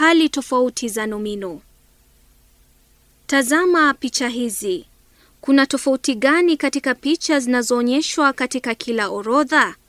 hali tofauti za nomino. Tazama picha hizi. Kuna tofauti gani katika picha zinazoonyeshwa katika kila orodha?